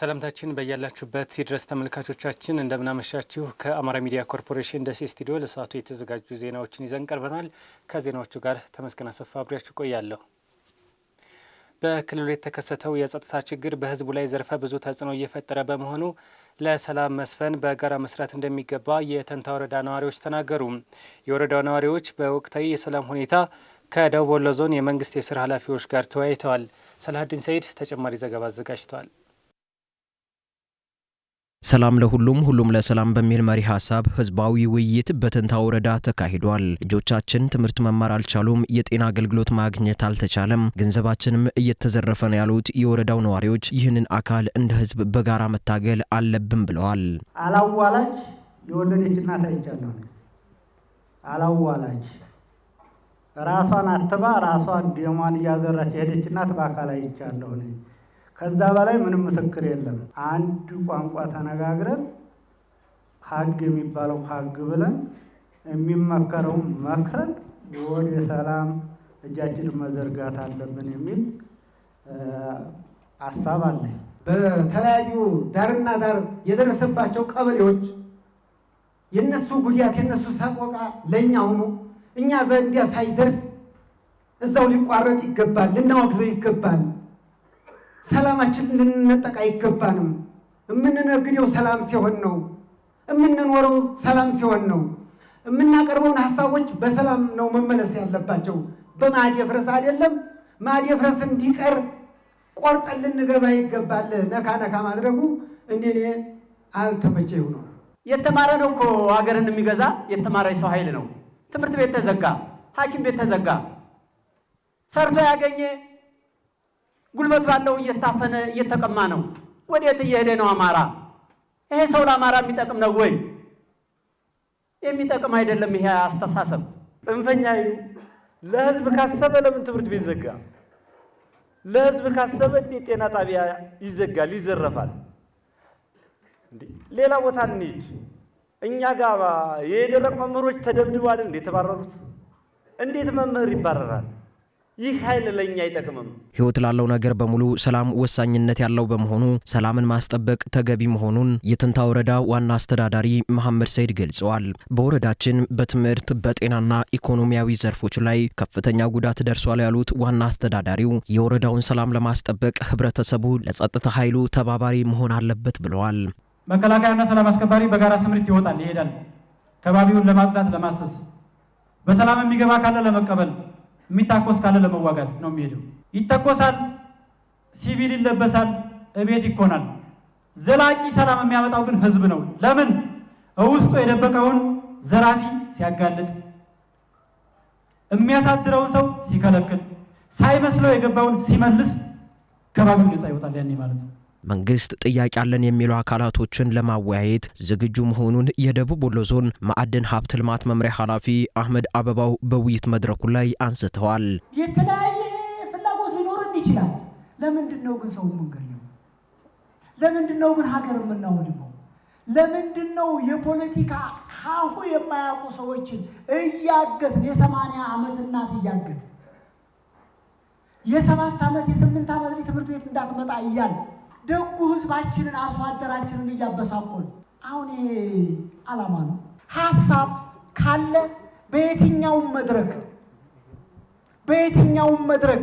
ሰላምታችን በያላችሁበት ይድረስ ተመልካቾቻችን፣ እንደምናመሻችሁ። ከአማራ ሚዲያ ኮርፖሬሽን ደሴ ስቱዲዮ ለሰዓቱ የተዘጋጁ ዜናዎችን ይዘን ቀርበናል። ከዜናዎቹ ጋር ተመስገን አሰፋ አብሪያችሁ ቆያለሁ። በክልሉ የተከሰተው የጸጥታ ችግር በህዝቡ ላይ ዘርፈ ብዙ ተጽዕኖ እየፈጠረ በመሆኑ ለሰላም መስፈን በጋራ መስራት እንደሚገባ የተንታ ወረዳ ነዋሪዎች ተናገሩ። የወረዳው ነዋሪዎች በወቅታዊ የሰላም ሁኔታ ከደቡብ ወሎ ዞን የመንግስት የስራ ኃላፊዎች ጋር ተወያይተዋል። ሰላሀዲን ሰይድ ተጨማሪ ዘገባ አዘጋጅተዋል። ሰላም ለሁሉም ሁሉም ለሰላም በሚል መሪ ሀሳብ ህዝባዊ ውይይት በተንታ ወረዳ ተካሂዷል። ልጆቻችን ትምህርት መማር አልቻሉም፣ የጤና አገልግሎት ማግኘት አልተቻለም፣ ገንዘባችንም እየተዘረፈ ነው ያሉት የወረዳው ነዋሪዎች ይህንን አካል እንደ ህዝብ በጋራ መታገል አለብን ብለዋል። አላዋላጅ የወለደች እናት አይቻለሁ። አላዋላጅ ራሷን አትባ ራሷን ደሟን እያዘራች የሄደች እናት በአካል አይቻለሁ። ከዛ በላይ ምንም ምስክር የለም። አንድ ቋንቋ ተነጋግረን ሀግ የሚባለው ሀግ ብለን የሚመከረውን መክረን ወደ ሰላም እጃችን መዘርጋት አለብን የሚል ሀሳብ አለ። በተለያዩ ዳርና ዳር የደረሰባቸው ቀበሌዎች የነሱ ጉዳት የነሱ ሰቆቃ ለእኛ ሆኖ እኛ ዘንዲያ ሳይደርስ እዛው ሊቋረጥ ይገባል፣ ልናወግዘው ይገባል። ሰላማችን ልንነጠቅ አይገባንም። የምንነግደው ሰላም ሲሆን ነው። የምንኖረው ሰላም ሲሆን ነው። የምናቀርበውን ሀሳቦች በሰላም ነው መመለስ ያለባቸው። በማዕድ አይደለም። ማዕድ የፍረስ እንዲቀር ቆርጠን ልንገባ ይገባል። ነካ ነካ ማድረጉ እንደኔ አልተመቸኝ ነው። የተማረ ነው እኮ ሀገርን የሚገዛ የተማረ ሰው ኃይል ነው። ትምህርት ቤት ተዘጋ፣ ሐኪም ቤት ተዘጋ፣ ሰርቶ ያገኘ ጉልበት ባለው እየታፈነ እየተቀማ ነው። ወዴት እየሄደ ነው አማራ? ይሄ ሰው ለአማራ የሚጠቅም ነው ወይ? የሚጠቅም አይደለም። ይሄ አስተሳሰብ ጽንፈኛ ለህዝብ ካሰበ ለምን ትምህርት ቤት ዘጋ? ለህዝብ ካሰበ እንዴት ጤና ጣቢያ ይዘጋል? ይዘረፋል? ሌላ ቦታ እንሂድ። እኛ ጋር የደረቅ መምህሮች ተደብድበዋል እንዴ የተባረሩት? እንዴት መምህር ይባረራል? ይህ ኃይል ለእኛ አይጠቅምም። ህይወት ላለው ነገር በሙሉ ሰላም ወሳኝነት ያለው በመሆኑ ሰላምን ማስጠበቅ ተገቢ መሆኑን የትንታ ወረዳ ዋና አስተዳዳሪ መሐመድ ሰይድ ገልጸዋል። በወረዳችን በትምህርት በጤናና ኢኮኖሚያዊ ዘርፎች ላይ ከፍተኛ ጉዳት ደርሷል ያሉት ዋና አስተዳዳሪው የወረዳውን ሰላም ለማስጠበቅ ህብረተሰቡ ለጸጥታ ኃይሉ ተባባሪ መሆን አለበት ብለዋል። መከላከያና ሰላም አስከባሪ በጋራ ስምሪት ይወጣል ይሄዳል። ከባቢውን ለማጽዳት ለማሰስ በሰላም የሚገባ ካለ ለመቀበል የሚታኮስ ካለ ለመዋጋት ነው የሚሄደው። ይተኮሳል፣ ሲቪል ይለበሳል፣ እቤት ይኮናል። ዘላቂ ሰላም የሚያመጣው ግን ህዝብ ነው። ለምን? ውስጡ የደበቀውን ዘራፊ ሲያጋልጥ፣ የሚያሳድረውን ሰው ሲከለክል፣ ሳይመስለው የገባውን ሲመልስ ከባቢው ነፃ ይወጣል። ያኔ ማለት ነው። መንግስት ጥያቄ አለን የሚሉ አካላቶችን ለማወያየት ዝግጁ መሆኑን የደቡብ ወሎ ዞን ማዕድን ሀብት ልማት መምሪያ ኃላፊ አህመድ አበባው በውይይት መድረኩ ላይ አንስተዋል። የተለያየ ፍላጎት ሊኖርን ይችላል። ለምንድን ነው ግን ሰው የምንገኘው? ለምንድን ነው ግን ሀገር የምናወድመው? ለምንድን ነው የፖለቲካ ሀሁ የማያውቁ ሰዎችን እያገትን የሰማንያ ዓመት እናት እያገት የሰባት ዓመት የስምንት ዓመት ትምህርት ቤት እንዳትመጣ እያል ደጉ ህዝባችንን አርሶ አደራችንን እያበሳቆል አሁን ይሄ ነው። ሀሳብ ካለ በየትኛውም መድረክ በየትኛውም መድረክ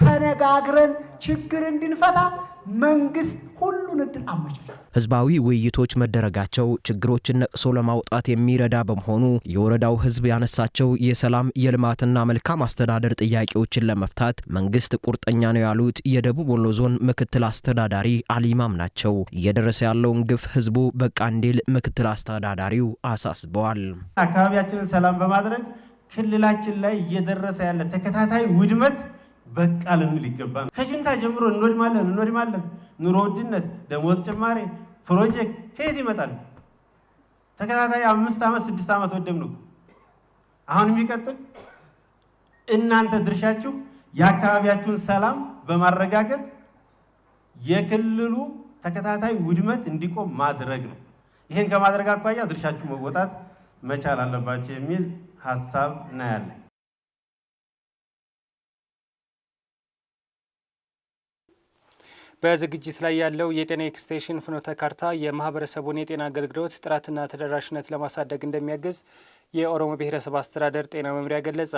ተነጋግረን ችግር እንድንፈታ መንግስት ሁሉን እድል አመቻቸ። ህዝባዊ ውይይቶች መደረጋቸው ችግሮችን ነቅሶ ለማውጣት የሚረዳ በመሆኑ የወረዳው ህዝብ ያነሳቸው የሰላም የልማትና መልካም አስተዳደር ጥያቄዎችን ለመፍታት መንግስት ቁርጠኛ ነው ያሉት የደቡብ ወሎ ዞን ምክትል አስተዳዳሪ አሊማም ናቸው። እየደረሰ ያለውን ግፍ ህዝቡ በቃ እንዲል ምክትል አስተዳዳሪው አሳስበዋል። አካባቢያችንን ሰላም በማድረግ ክልላችን ላይ እየደረሰ ያለ ተከታታይ ውድመት በቃ ልንል ይገባ ነው። ከጁንታ ጀምሮ እንወድማለን እንወድማለን፣ ኑሮ ውድነት፣ ደሞዝ ጭማሬ፣ ፕሮጀክት ከየት ይመጣል? ተከታታይ አምስት ዓመት ስድስት ዓመት ወደም ነው። አሁን የሚቀጥል እናንተ ድርሻችሁ የአካባቢያችሁን ሰላም በማረጋገጥ የክልሉ ተከታታይ ውድመት እንዲቆም ማድረግ ነው። ይህን ከማድረግ አኳያ ድርሻችሁ መወጣት መቻል አለባቸው የሚል ሀሳብ እናያለን። በዝግጅት ላይ ያለው የጤና ኤክስቴንሽን ፍኖተ ካርታ የማህበረሰቡን የጤና አገልግሎት ጥራትና ተደራሽነት ለማሳደግ እንደሚያግዝ የኦሮሞ ብሔረሰብ አስተዳደር ጤና መምሪያ ገለጸ።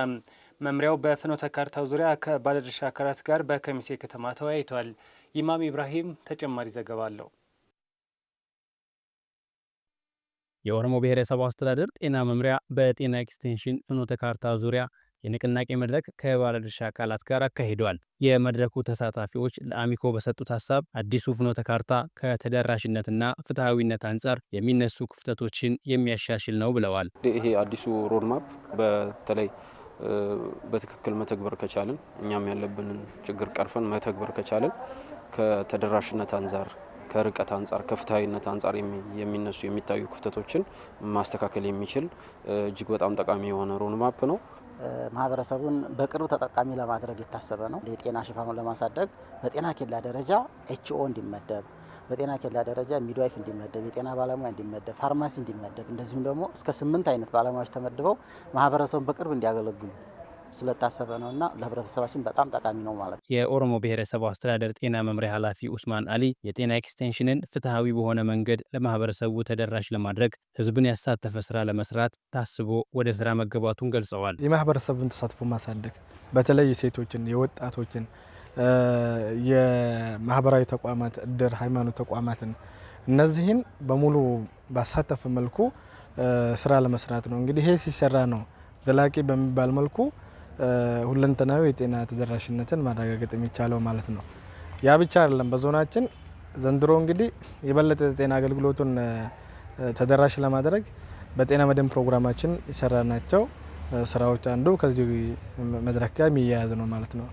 መምሪያው በፍኖተ ካርታው ዙሪያ ከባለድርሻ አካላት ጋር በከሚሴ ከተማ ተወያይቷል። ኢማም ኢብራሂም ተጨማሪ ዘገባ አለው። የኦሮሞ ብሔረሰብ አስተዳደር ጤና መምሪያ በጤና ኤክስቴንሽን ፍኖተ ካርታ ዙሪያ የንቅናቄ መድረክ ከባለድርሻ አካላት ጋር አካሂደዋል። የመድረኩ ተሳታፊዎች ለአሚኮ በሰጡት ሀሳብ አዲሱ ፍኖተ ካርታ ከተደራሽነትና ፍትሐዊነት አንጻር የሚነሱ ክፍተቶችን የሚያሻሽል ነው ብለዋል። ይሄ አዲሱ ሮድማፕ በተለይ በትክክል መተግበር ከቻልን እኛም ያለብንን ችግር ቀርፈን መተግበር ከቻልን ከተደራሽነት አንጻር ከርቀት አንጻር ከፍትሐዊነት አንጻር የሚነሱ የሚታዩ ክፍተቶችን ማስተካከል የሚችል እጅግ በጣም ጠቃሚ የሆነ ሮድማፕ ነው። ማህበረሰቡን በቅርብ ተጠቃሚ ለማድረግ የታሰበ ነው። የጤና ሽፋኑን ለማሳደግ በጤና ኬላ ደረጃ ኤችኦ እንዲመደብ፣ በጤና ኬላ ደረጃ ሚድዋይፍ እንዲመደብ፣ የጤና ባለሙያ እንዲመደብ፣ ፋርማሲ እንዲመደብ፣ እንደዚሁም ደግሞ እስከ ስምንት አይነት ባለሙያዎች ተመድበው ማህበረሰቡን በቅርብ እንዲያገለግሉ ስለታሰበ ነው እና ለህብረተሰባችን በጣም ጠቃሚ ነው ማለት ነው። የኦሮሞ ብሔረሰቡ አስተዳደር ጤና መምሪያ ኃላፊ ኡስማን አሊ የጤና ኤክስቴንሽንን ፍትሐዊ በሆነ መንገድ ለማህበረሰቡ ተደራሽ ለማድረግ ህዝብን ያሳተፈ ስራ ለመስራት ታስቦ ወደ ስራ መገባቱን ገልጸዋል። የማህበረሰቡን ተሳትፎ ማሳደግ በተለይ የሴቶችን፣ የወጣቶችን፣ የማህበራዊ ተቋማት እድር፣ ሃይማኖት ተቋማትን እነዚህን በሙሉ ባሳተፈ መልኩ ስራ ለመስራት ነው። እንግዲህ ይሄ ሲሰራ ነው ዘላቂ በሚባል መልኩ ሁለንተናዊ የጤና ተደራሽነትን ማረጋገጥ የሚቻለው ማለት ነው። ያ ብቻ አይደለም። በዞናችን ዘንድሮ እንግዲህ የበለጠ ጤና አገልግሎቱን ተደራሽ ለማድረግ በጤና መድን ፕሮግራማችን የሰራናቸው ስራዎች አንዱ ከዚሁ መድረክ ጋር የሚያያዝ ነው ማለት ነው።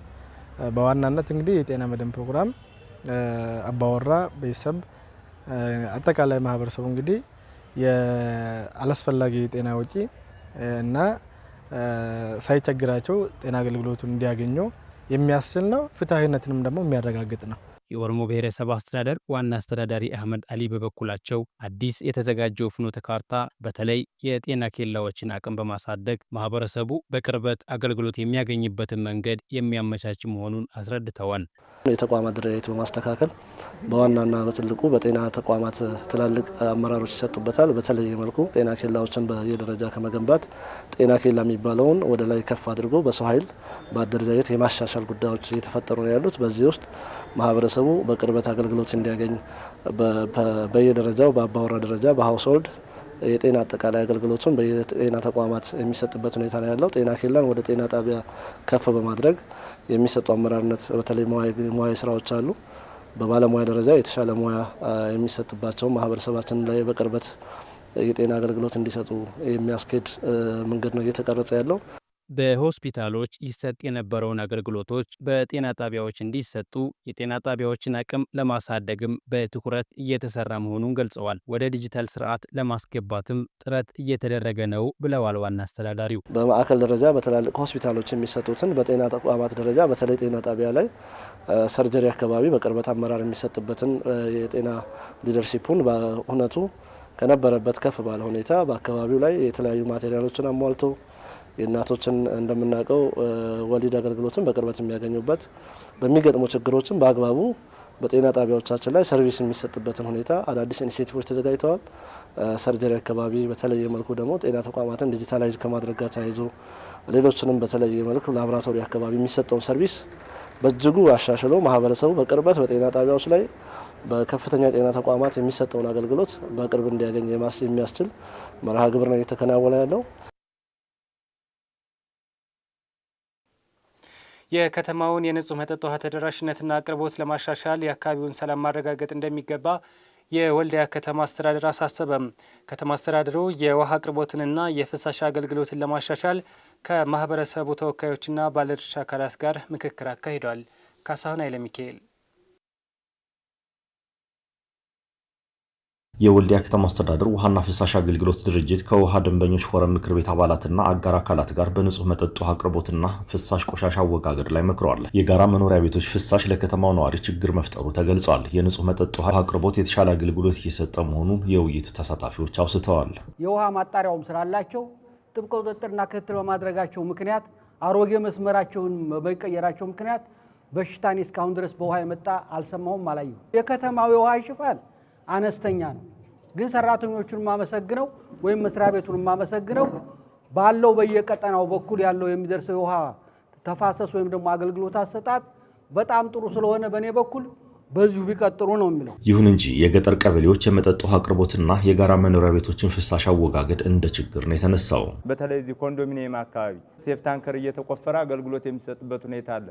በዋናነት እንግዲህ የጤና መድን ፕሮግራም አባወራ፣ ቤተሰብ፣ አጠቃላይ ማህበረሰቡ እንግዲህ አላስፈላጊ የጤና ወጪ እና ሳይቸግራቸው ጤና አገልግሎቱን እንዲያገኙ የሚያስችል ነው። ፍትሐዊነትንም ደግሞ የሚያረጋግጥ ነው። የኦሮሞ ብሔረሰብ አስተዳደር ዋና አስተዳዳሪ አህመድ አሊ በበኩላቸው አዲስ የተዘጋጀው ፍኖተ ካርታ በተለይ የጤና ኬላዎችን አቅም በማሳደግ ማህበረሰቡ በቅርበት አገልግሎት የሚያገኝበትን መንገድ የሚያመቻች መሆኑን አስረድተዋል። የተቋማት ድረቤት በማስተካከል በዋናና በትልቁ በጤና ተቋማት ትላልቅ አመራሮች ይሰጡበታል። በተለየ መልኩ ጤና ኬላዎችን በየደረጃ ከመገንባት ጤና ኬላ የሚባለውን ወደ ላይ ከፍ አድርጎ በሰው ኃይል በአደረጃጀት የማሻሻል ጉዳዮች እየተፈጠሩ ነው ያሉት በዚህ ውስጥ ማህበረሰቡ በቅርበት አገልግሎት እንዲያገኝ በየደረጃው በአባወራ ደረጃ በሀውስሆልድ የጤና አጠቃላይ አገልግሎቱን በየጤና ተቋማት የሚሰጥበት ሁኔታ ነው ያለው። ጤና ኬላን ወደ ጤና ጣቢያ ከፍ በማድረግ የሚሰጡ አመራርነት በተለይ ሙያዊ ስራዎች አሉ። በባለሙያ ደረጃ የተሻለ ሙያ የሚሰጥባቸው ማህበረሰባችን ላይ በቅርበት የጤና አገልግሎት እንዲሰጡ የሚያስኬድ መንገድ ነው እየተቀረጸ ያለው። በሆስፒታሎች ይሰጥ የነበረውን አገልግሎቶች በጤና ጣቢያዎች እንዲሰጡ የጤና ጣቢያዎችን አቅም ለማሳደግም በትኩረት እየተሰራ መሆኑን ገልጸዋል። ወደ ዲጂታል ስርዓት ለማስገባትም ጥረት እየተደረገ ነው ብለዋል ዋና አስተዳዳሪው። በማዕከል ደረጃ በትላልቅ ሆስፒታሎች የሚሰጡትን በጤና ተቋማት ደረጃ በተለይ ጤና ጣቢያ ላይ ሰርጀሪ አካባቢ በቅርበት አመራር የሚሰጥበትን የጤና ሊደርሺፑን በእውነቱ ከነበረበት ከፍ ባለ ሁኔታ በአካባቢው ላይ የተለያዩ ማቴሪያሎችን አሟልቶ የእናቶችን እንደምናውቀው ወሊድ አገልግሎትን በቅርበት የሚያገኙበት በሚገጥሙ ችግሮችን በአግባቡ በጤና ጣቢያዎቻችን ላይ ሰርቪስ የሚሰጥበትን ሁኔታ አዳዲስ ኢኒሽቲቮች ተዘጋጅተዋል። ሰርጀሪ አካባቢ በተለየ መልኩ ደግሞ ጤና ተቋማትን ዲጂታላይዝ ከማድረግ ጋር ተያይዞ ሌሎችንም በተለየ መልኩ ላብራቶሪ አካባቢ የሚሰጠውን ሰርቪስ በእጅጉ አሻሽሎ ማህበረሰቡ በቅርበት በጤና ጣቢያዎች ላይ በከፍተኛ ጤና ተቋማት የሚሰጠውን አገልግሎት በቅርብ እንዲያገኝ የሚያስችል መርሃ ግብር ነው እየተከናወነ ያለው። የከተማውን የንጹህ መጠጥ ውሃ ተደራሽነትና አቅርቦት ለማሻሻል የአካባቢውን ሰላም ማረጋገጥ እንደሚገባ የወልዲያ ከተማ አስተዳደር አሳሰበም። ከተማ አስተዳደሩ የውሃ አቅርቦትንና የፍሳሽ አገልግሎትን ለማሻሻል ከማህበረሰቡ ተወካዮችና ባለድርሻ አካላት ጋር ምክክር አካሂዷል። ካሳሁን ኃይለ ሚካኤል የወልዲያ ከተማ አስተዳደር ውሃና ፍሳሽ አገልግሎት ድርጅት ከውሃ ደንበኞች ፎረም ምክር ቤት አባላትና አጋር አካላት ጋር በንጹህ መጠጥ ውሃ አቅርቦትና ፍሳሽ ቆሻሻ አወጋገድ ላይ መክረዋል። የጋራ መኖሪያ ቤቶች ፍሳሽ ለከተማው ነዋሪ ችግር መፍጠሩ ተገልጿል። የንጹህ መጠጥ ውሃ አቅርቦት የተሻለ አገልግሎት እየሰጠ መሆኑን የውይይቱ ተሳታፊዎች አውስተዋል። የውሃ ማጣሪያውም ስላላቸው ጥብቅ ቁጥጥርና ክትትል በማድረጋቸው ምክንያት አሮጌ መስመራቸውን በመቀየራቸው ምክንያት በሽታኔ እስካሁን ድረስ በውሃ የመጣ አልሰማሁም አላየሁ። የከተማው የውሃ ይሽፋል አነስተኛ ነው። ግን ሰራተኞቹን የማመሰግነው ወይም መስሪያ ቤቱን የማመሰግነው ባለው በየቀጠናው በኩል ያለው የሚደርሰው የውሃ ተፋሰስ ወይም ደግሞ አገልግሎት አሰጣጥ በጣም ጥሩ ስለሆነ በእኔ በኩል በዚሁ ቢቀጥሩ ነው የሚለው። ይሁን እንጂ የገጠር ቀበሌዎች የመጠጥ ውሃ አቅርቦትና የጋራ መኖሪያ ቤቶችን ፍሳሽ አወጋገድ እንደ ችግር ነው የተነሳው። በተለይ እዚህ ኮንዶሚኒየም አካባቢ ሴፍ ታንከር እየተቆፈረ አገልግሎት የሚሰጥበት ሁኔታ አለ።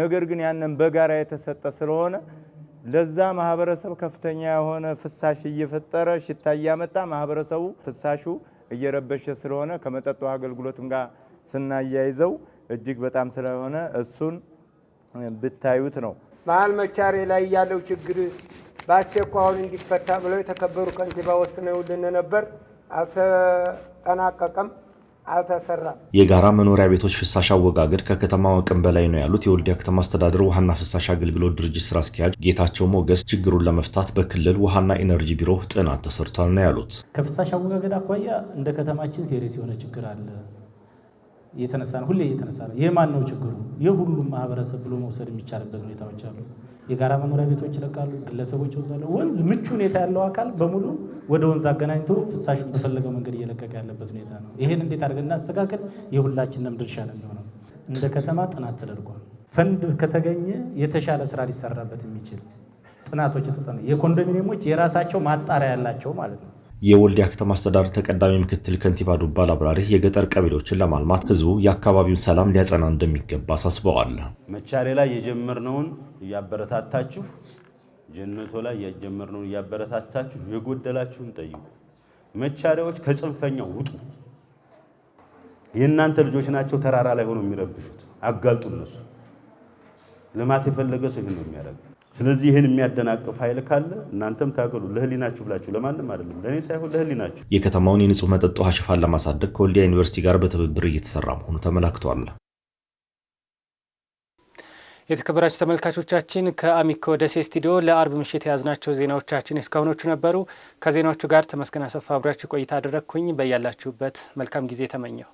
ነገር ግን ያንን በጋራ የተሰጠ ስለሆነ ለዛ ማህበረሰብ ከፍተኛ የሆነ ፍሳሽ እየፈጠረ ሽታ እያመጣ ማህበረሰቡ ፍሳሹ እየረበሸ ስለሆነ ከመጠጥ ውሃ አገልግሎትም ጋር ስናያይዘው እጅግ በጣም ስለሆነ እሱን ብታዩት ነው። መሀል መቻሬ ላይ ያለው ችግር በአስቸኳይ እንዲፈታ ብለው የተከበሩ ከንቲባ ወስነውልን ነበር፣ አልተጠናቀቀም። አልተሰራም። የጋራ መኖሪያ ቤቶች ፍሳሽ አወጋገድ ከከተማ አቅም በላይ ነው ያሉት የወልዲያ ከተማ አስተዳደር ውሃና ፍሳሽ አገልግሎት ድርጅት ስራ አስኪያጅ ጌታቸው ሞገስ ችግሩን ለመፍታት በክልል ውሃና ኢነርጂ ቢሮ ጥናት ተሰርቷል ነው ያሉት። ከፍሳሽ አወጋገድ አኳያ እንደ ከተማችን ሴሪየስ የሆነ ችግር አለ እየተነሳ ነው፣ ሁሌ እየተነሳ ነው። ይሄ ማን ነው ችግሩ? ሁሉም ማህበረሰብ ብሎ መውሰድ የሚቻልበት ሁኔታዎች አሉ። የጋራ መኖሪያ ቤቶች ይለቃሉ፣ ግለሰቦች ይወዛሉ። ወንዝ ምቹ ሁኔታ ያለው አካል በሙሉ ወደ ወንዝ አገናኝቶ ፍሳሽ በፈለገው መንገድ እየለቀቀ ያለበት ሁኔታ ነው። ይህን እንዴት አድርገን እናስተካከል? የሁላችንም ድርሻ ነው የሚሆነው። እንደ ከተማ ጥናት ተደርጓል። ፈንድ ከተገኘ የተሻለ ስራ ሊሰራበት የሚችል ጥናቶች ተጠ የኮንዶሚኒየሞች የራሳቸው ማጣሪያ ያላቸው ማለት ነው የወልዲያ ከተማ አስተዳደር ተቀዳሚ ምክትል ከንቲባ ዱባል አብራሪ የገጠር ቀበሌዎችን ለማልማት ህዝቡ የአካባቢውን ሰላም ሊያጸና እንደሚገባ አሳስበዋል። መቻሌ ላይ የጀመርነውን እያበረታታችሁ፣ ጀነቶ ላይ የጀመርነውን እያበረታታችሁ፣ የጎደላችሁን ጠይቁ። መቻሪያዎች ከጽንፈኛው ውጡ። የእናንተ ልጆች ናቸው ተራራ ላይ ሆኖ የሚረብሹት። አጋልጡ። እነሱ ልማት የፈለገ ሰው ይህን ነው የሚያደርገው። ስለዚህ ይህን የሚያደናቅፍ ኃይል ካለ እናንተም ታገሉ። ለህሊናችሁ ብላችሁ ለማንም አይደለም፣ ለእኔ ሳይሆን ለህሊናችሁ። የከተማውን የንጹህ መጠጥ ውሃ ሽፋን ለማሳደግ ከወልዲያ ዩኒቨርሲቲ ጋር በትብብር እየተሰራ መሆኑ ተመላክቷል። የተከበራችሁ ተመልካቾቻችን ከአሚኮ ደሴ ስቱዲዮ ለአርብ ምሽት የያዝናቸው ዜናዎቻችን እስካሁኖቹ ነበሩ። ከዜናዎቹ ጋር ተመስገን አሰፋ አብሪያችሁ ቆይታ አደረግኩኝ። በያላችሁበት መልካም ጊዜ ተመኘው።